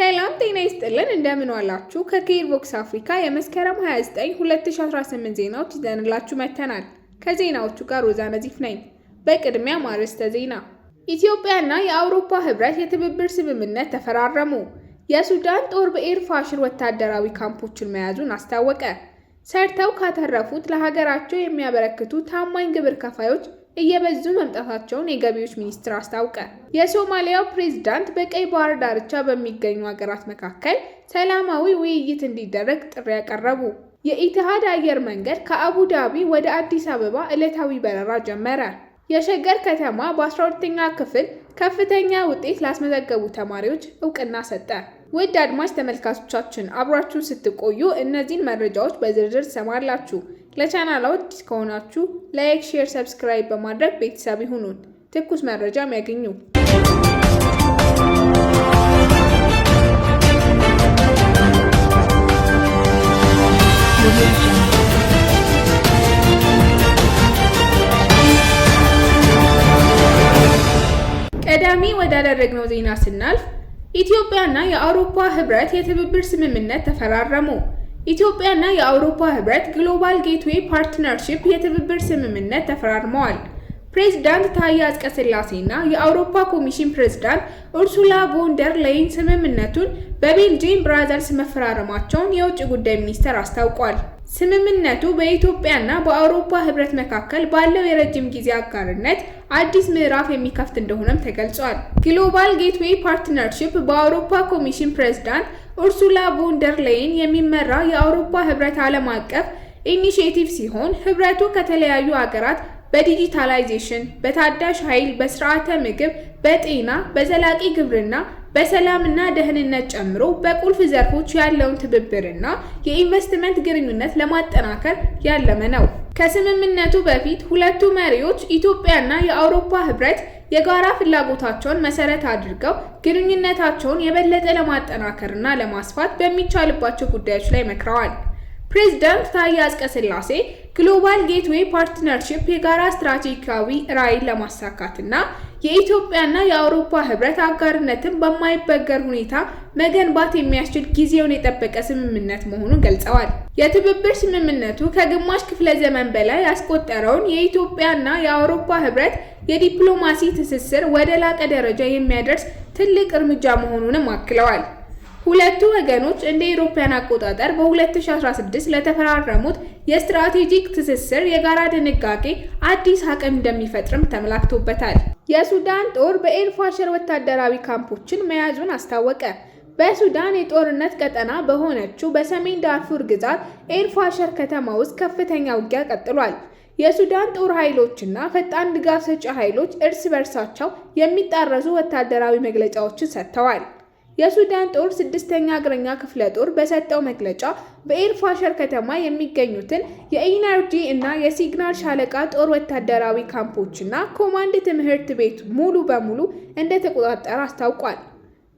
ሰላም ጤና ይስጥልን፣ እንደምን ዋላችሁ? ከኬር ቦክስ አፍሪካ የመስከረም 29 2018 ዜናዎች ይዘንላችሁ መጥተናል። ከዜናዎቹ ጋር ሮዛ ነዚፍ ነኝ። በቅድሚያ ማርዕስተ ዜና፣ ኢትዮጵያና የአውሮፓ ህብረት የትብብር ስምምነት ተፈራረሙ። የሱዳን ጦር በኤር ፋሽር ወታደራዊ ካምፖችን መያዙን አስታወቀ። ሰርተው ካተረፉት ለሀገራቸው የሚያበረክቱ ታማኝ ግብር ከፋዮች እየበዙ መምጣታቸውን የገቢዎች ሚኒስቴር አስታውቀ። የሶማሊያው ፕሬዝዳንት በቀይ ባህር ዳርቻ በሚገኙ ሀገራት መካከል ሰላማዊ ውይይት እንዲደረግ ጥሪ ያቀረቡ። የኢትሃድ አየር መንገድ ከአቡዳቢ ወደ አዲስ አበባ ዕለታዊ በረራ ጀመረ። የሸገር ከተማ በ12ኛ ክፍል ከፍተኛ ውጤት ላስመዘገቡ ተማሪዎች እውቅና ሰጠ። ውድ አድማጭ ተመልካቾቻችን አብራችሁን ስትቆዩ እነዚህን መረጃዎች በዝርዝር ትሰማላችሁ። ለቻናል አዲስ ከሆናችሁ ላይክ፣ ሼር፣ ሰብስክራይብ በማድረግ ቤተሰብ ይሁኑን። ትኩስ መረጃም ያገኙ። ቀዳሚ ወዳደረግነው ዜና ስናልፍ ኢትዮጵያና የአውሮፓ ህብረት የትብብር ስምምነት ተፈራረሙ። ኢትዮጵያና የአውሮፓ ህብረት ግሎባል ጌትዌይ ፓርትነርሺፕ የትብብር ስምምነት ተፈራርመዋል። ፕሬዝዳንት ታዬ አጽቀሥላሴ እና የአውሮፓ ኮሚሽን ፕሬዝዳንት ኡርሱላ ቮንደር ላይን ስምምነቱን በቤልጂየም ብራዘልስ መፈራረማቸውን የውጭ ጉዳይ ሚኒስቴር አስታውቋል። ስምምነቱ በኢትዮጵያና በአውሮፓ ህብረት መካከል ባለው የረጅም ጊዜ አጋርነት አዲስ ምዕራፍ የሚከፍት እንደሆነም ተገልጿል። ግሎባል ጌትዌይ ፓርትነርሺፕ በአውሮፓ ኮሚሽን ፕሬዝዳንት ኡርሱላ ቮንደር ላይን የሚመራ የአውሮፓ ህብረት ዓለም አቀፍ ኢኒሽቲቭ ሲሆን ህብረቱ ከተለያዩ አገራት በዲጂታላይዜሽን፣ በታዳሽ ኃይል፣ በስርዓተ ምግብ፣ በጤና፣ በዘላቂ ግብርና በሰላምና ደህንነት ጨምሮ በቁልፍ ዘርፎች ያለውን ትብብርና የኢንቨስትመንት ግንኙነት ለማጠናከር ያለመ ነው። ከስምምነቱ በፊት ሁለቱ መሪዎች ኢትዮጵያና የአውሮፓ ህብረት የጋራ ፍላጎታቸውን መሰረት አድርገው ግንኙነታቸውን የበለጠ ለማጠናከርና ለማስፋት በሚቻልባቸው ጉዳዮች ላይ መክረዋል። ፕሬዝዳንት ታዬ አጽቀሥላሴ ግሎባል ጌትዌይ ፓርትነርሺፕ የጋራ ስትራቴጂካዊ ራዕይን ለማሳካትና የኢትዮጵያና የአውሮፓ ህብረት አጋርነትን በማይበገር ሁኔታ መገንባት የሚያስችል ጊዜውን የጠበቀ ስምምነት መሆኑን ገልጸዋል። የትብብር ስምምነቱ ከግማሽ ክፍለ ዘመን በላይ ያስቆጠረውን የኢትዮጵያና የአውሮፓ ህብረት የዲፕሎማሲ ትስስር ወደ ላቀ ደረጃ የሚያደርስ ትልቅ እርምጃ መሆኑንም አክለዋል። ሁለቱ ወገኖች እንደ ኢሮፓያን አቆጣጠር በ2016 ለተፈራረሙት የስትራቴጂክ ትስስር የጋራ ድንጋጌ አዲስ አቅም እንደሚፈጥርም ተመላክቶበታል። የሱዳን ጦር በኤልፋሸር ወታደራዊ ካምፖችን መያዙን አስታወቀ። በሱዳን የጦርነት ቀጠና በሆነችው በሰሜን ዳርፉር ግዛት ኤልፋሸር ከተማ ውስጥ ከፍተኛ ውጊያ ቀጥሏል። የሱዳን ጦር ኃይሎችና ፈጣን ድጋፍ ሰጪ ኃይሎች እርስ በርሳቸው የሚጣረሱ ወታደራዊ መግለጫዎችን ሰጥተዋል። የሱዳን ጦር ስድስተኛ እግረኛ ክፍለ ጦር በሰጠው መግለጫ በኤልፋሸር ከተማ የሚገኙትን የኢነርጂ እና የሲግናል ሻለቃ ጦር ወታደራዊ ካምፖችና ኮማንድ ትምህርት ቤት ሙሉ በሙሉ እንደተቆጣጠረ አስታውቋል።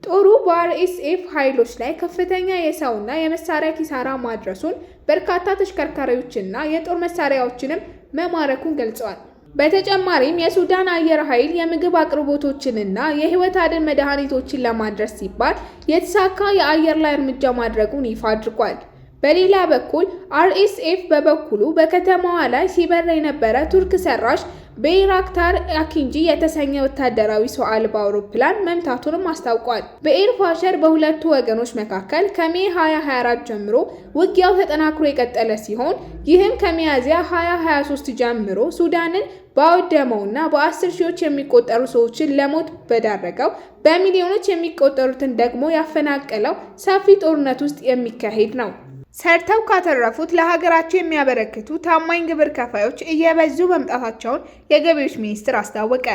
ጦሩ በአርኤስኤፍ ኃይሎች ላይ ከፍተኛ የሰውና የመሳሪያ ኪሳራ ማድረሱን፣ በርካታ ተሽከርካሪዎችና የጦር መሳሪያዎችንም መማረኩን ገልጸዋል። በተጨማሪም የሱዳን አየር ኃይል የምግብ አቅርቦቶችንና የህይወት አድን መድኃኒቶችን ለማድረስ ሲባል የተሳካ የአየር ላይ እርምጃ ማድረጉን ይፋ አድርጓል። በሌላ በኩል አርኤስኤፍ በበኩሉ በከተማዋ ላይ ሲበር የነበረ ቱርክ ሰራሽ በኢራክታር አኪንጂ የተሰኘ ወታደራዊ ሰው አልባ አውሮፕላን መምታቱንም አስታውቋል። በኤርፋሸር በሁለቱ ወገኖች መካከል ከሜ 2024 ጀምሮ ውጊያው ተጠናክሮ የቀጠለ ሲሆን ይህም ከሚያዝያ 2023 ጀምሮ ሱዳንን ባወደመውና በአስር ሺዎች የሚቆጠሩ ሰዎችን ለሞት በዳረገው በሚሊዮኖች የሚቆጠሩትን ደግሞ ያፈናቀለው ሰፊ ጦርነት ውስጥ የሚካሄድ ነው። ሰርተው ካተረፉት ለሀገራቸው የሚያበረክቱ ታማኝ ግብር ከፋዮች እየበዙ መምጣታቸውን የገቢዎች ሚኒስቴር አስታወቀ።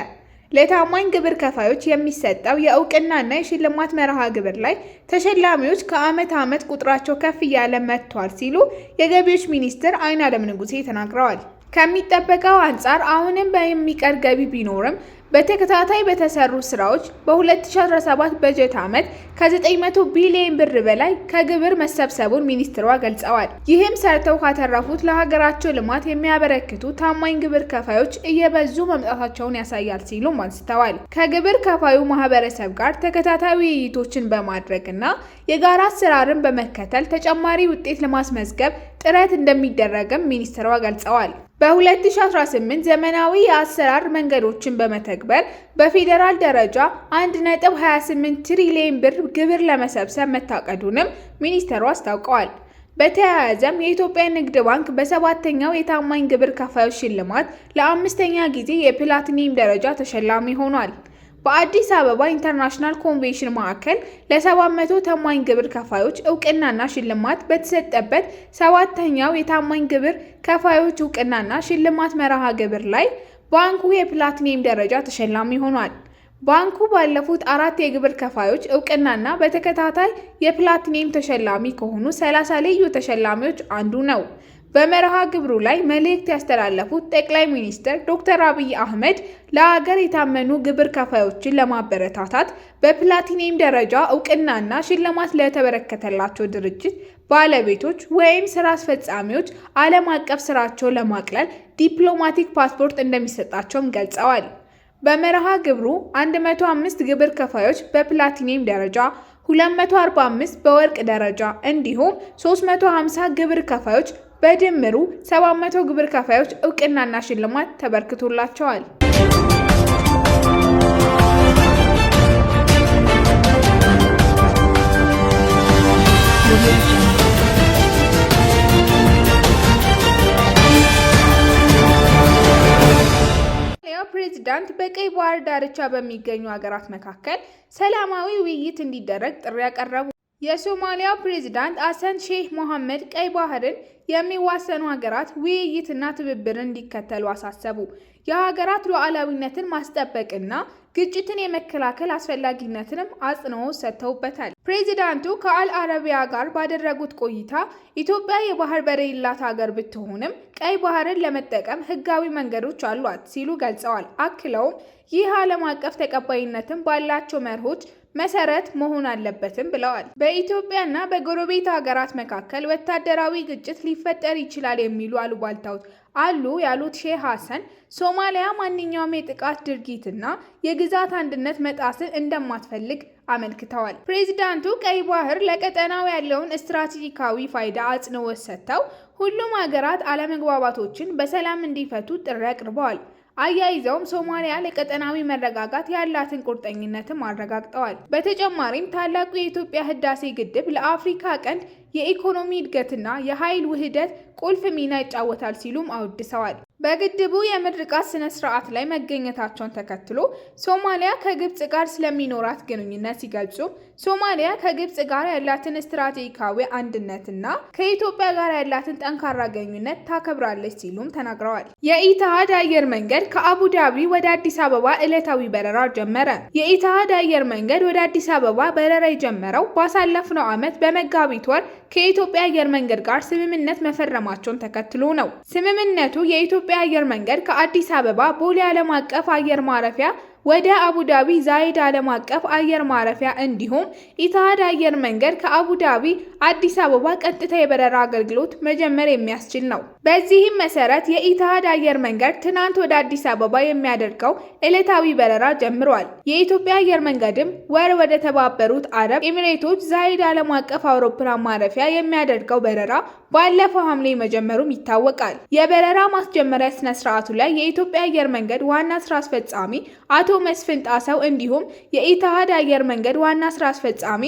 ለታማኝ ግብር ከፋዮች የሚሰጠው የእውቅናና የሽልማት መርሃ ግብር ላይ ተሸላሚዎች ከዓመት ዓመት ቁጥራቸው ከፍ እያለ መጥቷል ሲሉ የገቢዎች ሚኒስትር አይናለም ንጉሴ ተናግረዋል። ከሚጠበቀው አንጻር አሁንም በሚቀር ገቢ ቢኖርም በተከታታይ በተሰሩ ስራዎች በ2017 በጀት ዓመት ከ900 ቢሊዮን ብር በላይ ከግብር መሰብሰቡን ሚኒስትሯ ገልጸዋል። ይህም ሰርተው ካተረፉት ለሀገራቸው ልማት የሚያበረክቱ ታማኝ ግብር ከፋዮች እየበዙ መምጣታቸውን ያሳያል ሲሉም አንስተዋል። ከግብር ከፋዩ ማህበረሰብ ጋር ተከታታይ ውይይቶችን በማድረግና የጋራ አሰራርን በመከተል ተጨማሪ ውጤት ለማስመዝገብ ጥረት እንደሚደረግም ሚኒስትሯ ገልጸዋል። በ2018 ዘመናዊ የአሰራር መንገዶችን በመተግበር በፌዴራል ደረጃ 1.28 ትሪሊየን ብር ግብር ለመሰብሰብ መታቀዱንም ሚኒስትሩ አስታውቀዋል። በተያያዘም የኢትዮጵያ ንግድ ባንክ በሰባተኛው የታማኝ ግብር ከፋዮች ሽልማት ለአምስተኛ ጊዜ የፕላቲኒየም ደረጃ ተሸላሚ ሆኗል። በአዲስ አበባ ኢንተርናሽናል ኮንቬንሽን ማዕከል ለ 700 ታማኝ ግብር ከፋዮች እውቅናና ሽልማት በተሰጠበት ሰባተኛው የታማኝ ግብር ከፋዮች እውቅናና ሽልማት መርሃ ግብር ላይ ባንኩ የፕላቲኒየም ደረጃ ተሸላሚ ሆኗል። ባንኩ ባለፉት አራት የግብር ከፋዮች እውቅናና በተከታታይ የፕላቲኒየም ተሸላሚ ከሆኑ 30 ልዩ ተሸላሚዎች አንዱ ነው። በመርሃ ግብሩ ላይ መልእክት ያስተላለፉት ጠቅላይ ሚኒስትር ዶክተር አብይ አህመድ ለሀገር የታመኑ ግብር ከፋዮችን ለማበረታታት በፕላቲኒየም ደረጃ እውቅናና ሽልማት ለተበረከተላቸው ድርጅት ባለቤቶች ወይም ስራ አስፈጻሚዎች ዓለም አቀፍ ስራቸው ለማቅለል ዲፕሎማቲክ ፓስፖርት እንደሚሰጣቸውም ገልጸዋል። በመርሃ ግብሩ 105 ግብር ከፋዮች በፕላቲኒየም ደረጃ 245 በወርቅ ደረጃ እንዲሁም 350 ግብር ከፋዮች በድምሩ 700 ግብር ከፋዮች እውቅናና ሽልማት ተበርክቶላቸዋል። ፕሬዚዳንት በቀይ ባህር ዳርቻ በሚገኙ ሀገራት መካከል ሰላማዊ ውይይት እንዲደረግ ጥሪ ያቀረቡ የሶማሊያ ፕሬዚዳንት አሰን ሼህ መሐመድ ቀይ ባህርን የሚዋሰኑ ሀገራት ውይይትና ትብብርን እንዲከተሉ አሳሰቡ። የሀገራት ሉዓላዊነትን ማስጠበቅና ግጭትን የመከላከል አስፈላጊነትንም አጽንኦት ሰጥተውበታል። ፕሬዚዳንቱ ከአል አረቢያ ጋር ባደረጉት ቆይታ ኢትዮጵያ የባህር በር የሌላት ሀገር ብትሆንም ቀይ ባህርን ለመጠቀም ሕጋዊ መንገዶች አሏት ሲሉ ገልጸዋል። አክለውም ይህ ዓለም አቀፍ ተቀባይነትን ባላቸው መርሆች መሰረት መሆን አለበትም ብለዋል። በኢትዮጵያና በጎረቤት ሀገራት መካከል ወታደራዊ ግጭት ሊፈጠር ይችላል የሚሉ አልባልታዎች አሉ ያሉት ሼህ ሀሰን ሶማሊያ ማንኛውም የጥቃት ድርጊትና የግዛት አንድነት መጣስን እንደማትፈልግ አመልክተዋል። ፕሬዚዳንቱ ቀይ ባህር ለቀጠናው ያለውን ስትራቴጂካዊ ፋይዳ አጽንኦት ሰጥተው ሁሉም ሀገራት አለመግባባቶችን በሰላም እንዲፈቱ ጥሪ አቅርበዋል። አያይዘውም ሶማሊያ ለቀጠናዊ መረጋጋት ያላትን ቁርጠኝነትም አረጋግጠዋል። በተጨማሪም ታላቁ የኢትዮጵያ ህዳሴ ግድብ ለአፍሪካ ቀንድ የኢኮኖሚ እድገትና የኃይል ውህደት ቁልፍ ሚና ይጫወታል ሲሉም አወድሰዋል። በግድቡ የምርቃት ስነ ስርዓት ላይ መገኘታቸውን ተከትሎ ሶማሊያ ከግብጽ ጋር ስለሚኖራት ግንኙነት ሲገልጹ ሶማሊያ ከግብጽ ጋር ያላትን ስትራቴጂካዊ አንድነትና ከኢትዮጵያ ጋር ያላትን ጠንካራ ግንኙነት ታከብራለች ሲሉም ተናግረዋል። የኢትሃድ አየር መንገድ ከአቡዳቢ ወደ አዲስ አበባ ዕለታዊ በረራ ጀመረ። የኢትሃድ አየር መንገድ ወደ አዲስ አበባ በረራ የጀመረው ባሳለፍነው ዓመት በመጋቢት ወር ከኢትዮጵያ አየር መንገድ ጋር ስምምነት መፈረማቸውን ተከትሎ ነው። ስምምነቱ የኢትዮጵያ አየር መንገድ ከአዲስ አበባ ቦሌ ዓለም አቀፍ አየር ማረፊያ ወደ አቡዳቢ ዛይድ ዓለም አቀፍ አየር ማረፊያ እንዲሁም ኢትሃድ አየር መንገድ ከአቡዳቢ አዲስ አበባ ቀጥታ የበረራ አገልግሎት መጀመር የሚያስችል ነው። በዚህም መሰረት የኢትሃድ አየር መንገድ ትናንት ወደ አዲስ አበባ የሚያደርገው ዕለታዊ በረራ ጀምሯል። የኢትዮጵያ አየር መንገድም ወር ወደ ተባበሩት አረብ ኤሚሬቶች ዛይድ ዓለም አቀፍ አውሮፕላን ማረፊያ የሚያደርገው በረራ ባለፈው ሐምሌ መጀመሩም ይታወቃል። የበረራ ማስጀመሪያ ስነ ስርዓቱ ላይ የኢትዮጵያ አየር መንገድ ዋና ስራ አስፈጻሚ አቶ መስፍን ጣሰው እንዲሁም የኢትሃድ አየር መንገድ ዋና ስራ አስፈጻሚ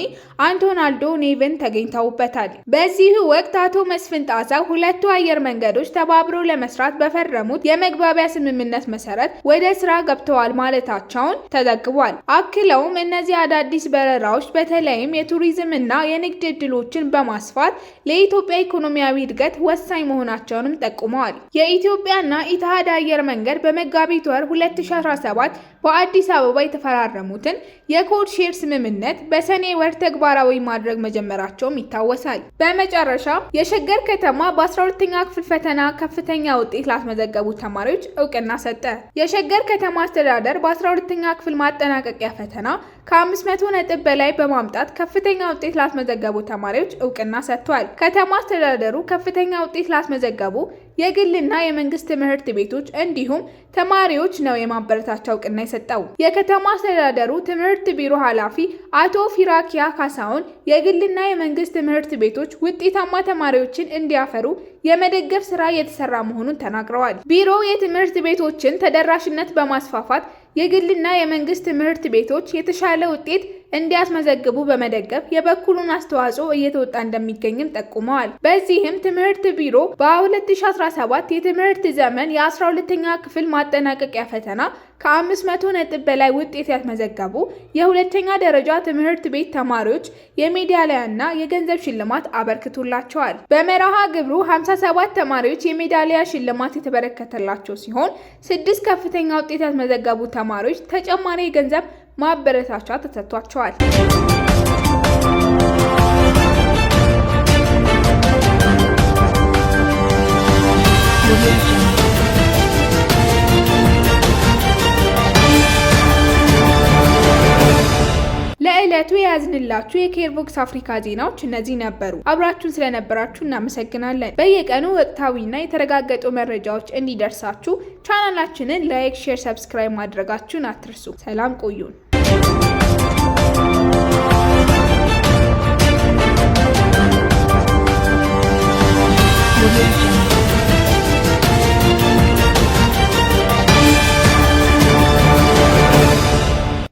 አንቶናልዶ ኔቨን ተገኝተውበታል። በዚህ ወቅት አቶ መስፍን ጣሰው ሁለቱ አየር መንገዶች ተባብሮ ለመስራት በፈረሙት የመግባቢያ ስምምነት መሰረት ወደ ስራ ገብተዋል ማለታቸውን ተዘግቧል። አክለውም እነዚህ አዳዲስ በረራዎች በተለይም የቱሪዝም እና የንግድ እድሎችን በማስፋት ለኢትዮጵያ ኢኮኖሚያዊ እድገት ወሳኝ መሆናቸውንም ጠቁመዋል። የኢትዮጵያና ኢትሃድ አየር መንገድ በመጋቢት ወር 2017 በ በአዲስ አበባ የተፈራረሙትን የኮድ ሼር ስምምነት በሰኔ ወር ተግባራዊ ማድረግ መጀመራቸውም ይታወሳል። በመጨረሻ የሸገር ከተማ በ12ኛ ክፍል ፈተና ከፍተኛ ውጤት ላስመዘገቡ ተማሪዎች እውቅና ሰጠ። የሸገር ከተማ አስተዳደር በ12ኛ ክፍል ማጠናቀቂያ ፈተና ከ500 ነጥብ በላይ በማምጣት ከፍተኛ ውጤት ላስመዘገቡ ተማሪዎች እውቅና ሰጥቷል። ከተማ አስተዳደሩ ከፍተኛ ውጤት ላስመዘገቡ የግልና የመንግስት ትምህርት ቤቶች እንዲሁም ተማሪዎች ነው የማበረታቻ እውቅና የሰጠው። የከተማ አስተዳደሩ ትምህርት ቢሮ ኃላፊ አቶ ፊራኪያ ካሳውን፣ የግልና የመንግስት ትምህርት ቤቶች ውጤታማ ተማሪዎችን እንዲያፈሩ የመደገፍ ስራ የተሰራ መሆኑን ተናግረዋል። ቢሮው የትምህርት ቤቶችን ተደራሽነት በማስፋፋት የግልና የመንግስት ትምህርት ቤቶች የተሻለ ውጤት እንዲያስመዘግቡ በመደገፍ የበኩሉን አስተዋጽኦ እየተወጣ እንደሚገኝም ጠቁመዋል። በዚህም ትምህርት ቢሮ በ2017 የትምህርት ዘመን የ12ኛ ክፍል ማጠናቀቂያ ፈተና ከ500 ነጥብ በላይ ውጤት ያስመዘገቡ የሁለተኛ ደረጃ ትምህርት ቤት ተማሪዎች እና የገንዘብ ሽልማት አበርክቶላቸዋል። በመርሃ ግብሩ 57 ተማሪዎች የሜዳሊያ ሽልማት የተበረከተላቸው ሲሆን ስድስት ከፍተኛ ውጤት ያስመዘገቡ ተማሪዎች ተጨማሪ የገንዘብ ማበረታቻ ተሰጥቷቸዋል። ያዝንላችሁ የኬርቦክስ አፍሪካ ዜናዎች እነዚህ ነበሩ። አብራችሁን ስለነበራችሁ እናመሰግናለን። በየቀኑ ወቅታዊና የተረጋገጡ መረጃዎች እንዲደርሳችሁ ቻናላችንን ላይክ፣ ሼር፣ ሰብስክራይብ ማድረጋችሁን አትርሱ። ሰላም ቆዩን። you.